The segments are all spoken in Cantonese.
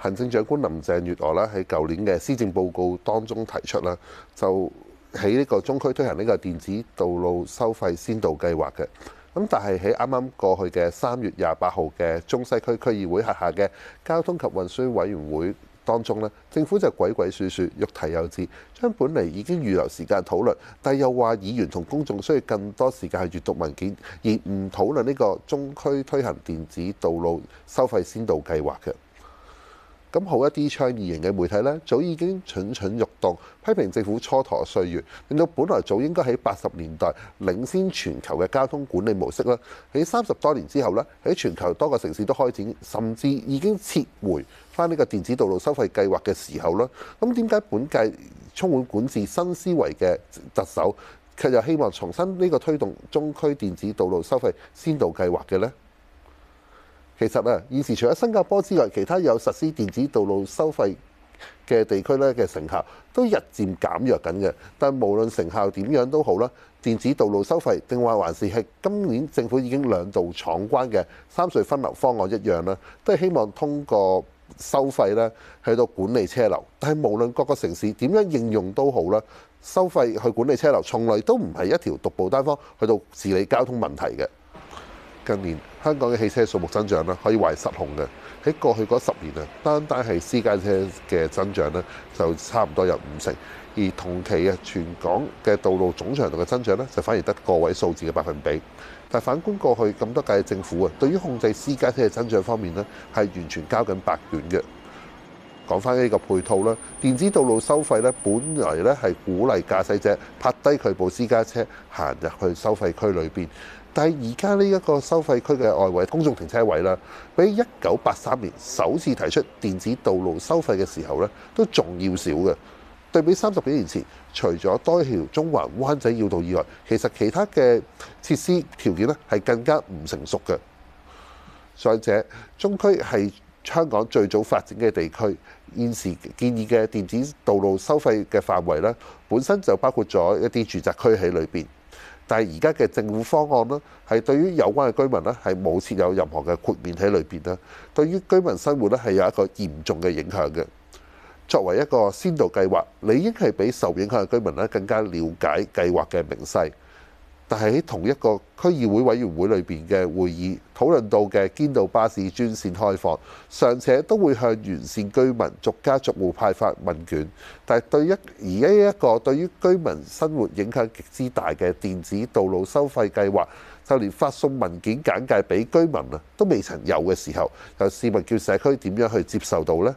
行政長官林鄭月娥咧喺舊年嘅施政報告當中提出啦，就喺呢個中區推行呢個電子道路收費先導計劃嘅。咁但係喺啱啱過去嘅三月廿八號嘅中西區區議會轄下嘅交通及運輸委員會當中咧，政府就鬼鬼祟祟，欲提又止，將本嚟已經預留時間討論，但又話議員同公眾需要更多時間去閱讀文件，而唔討論呢個中區推行電子道路收費先導計劃嘅。咁好一啲倡議型嘅媒體呢，早已經蠢蠢欲動，批評政府蹉跎歲月，令到本來早應該喺八十年代領先全球嘅交通管理模式啦。喺三十多年之後呢，喺全球多個城市都開展，甚至已經撤回翻呢個電子道路收費計劃嘅時候啦。咁點解本屆充滿管治新思維嘅特首，卻又希望重新呢個推動中區電子道路收費先導計劃嘅呢？其實啊，現時除咗新加坡之外，其他有實施電子道路收費嘅地區咧嘅成效都日漸減弱緊嘅。但無論成效點樣都好啦，電子道路收費定話還是係今年政府已經兩度闖關嘅三隧分流方案一樣啦，都係希望通過收費咧去到管理車流。但係無論各個城市點樣應用都好啦，收費去管理車流，從來都唔係一條獨步單方去到治理交通問題嘅。近年香港嘅汽車數目增長咧，可以話係失控嘅。喺過去嗰十年啊，單單係私家車嘅增長咧，就差唔多有五成，而同期啊，全港嘅道路總長度嘅增長咧，就反而得個位數字嘅百分比。但反觀過去咁多屆政府啊，對於控制私家車嘅增長方面咧，係完全交緊白卷嘅。講返呢個配套啦，電子道路收費咧，本來咧係鼓勵駕駛者泊低佢部私家車行入去收費區裏邊。但係而家呢一個收費區嘅外圍公眾停車位啦，比一九八三年首次提出電子道路收費嘅時候咧，都仲要少嘅。對比三十幾年前，除咗多條中環灣仔繞道以外，其實其他嘅設施條件咧，係更加唔成熟嘅。再者，中區係香港最早發展嘅地區，現時建議嘅電子道路收費嘅範圍咧，本身就包括咗一啲住宅區喺裏邊。但係而家嘅政府方案咧，係對於有關嘅居民咧係冇設有任何嘅豁免喺裏邊啦。對於居民生活咧係有一個嚴重嘅影響嘅。作為一個先導計劃，理應係俾受影響嘅居民咧更加瞭解計劃嘅明細。但係喺同一個區議會委員會裏邊嘅會議討論到嘅堅道巴士專線開放，尚且都會向沿線居民逐家逐戶派發問卷。但係對一而家一個對於居民生活影響極之大嘅電子道路收費計劃，就連發送文件簡介俾居民啊，都未曾有嘅時候，有市民叫社區點樣去接受到咧？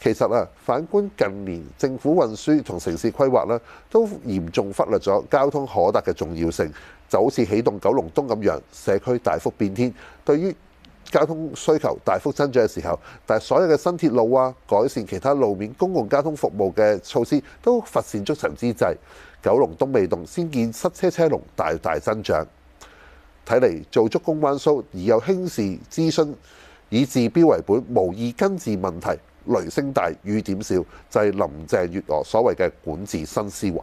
其實啊，反觀近年政府運輸同城市規劃咧，都嚴重忽略咗交通可達嘅重要性，就好似起動九龍東咁樣，社區大幅變天。對於交通需求大幅增長嘅時候，但係所有嘅新鐵路啊、改善其他路面公共交通服務嘅措施都乏善足陳之際，九龍東未動，先見塞車車龍大大增長。睇嚟做足公關而又輕視諮詢，以治標為本，無意根治問題。雷聲大雨點小，就係林鄭月娥所謂嘅管治新思維。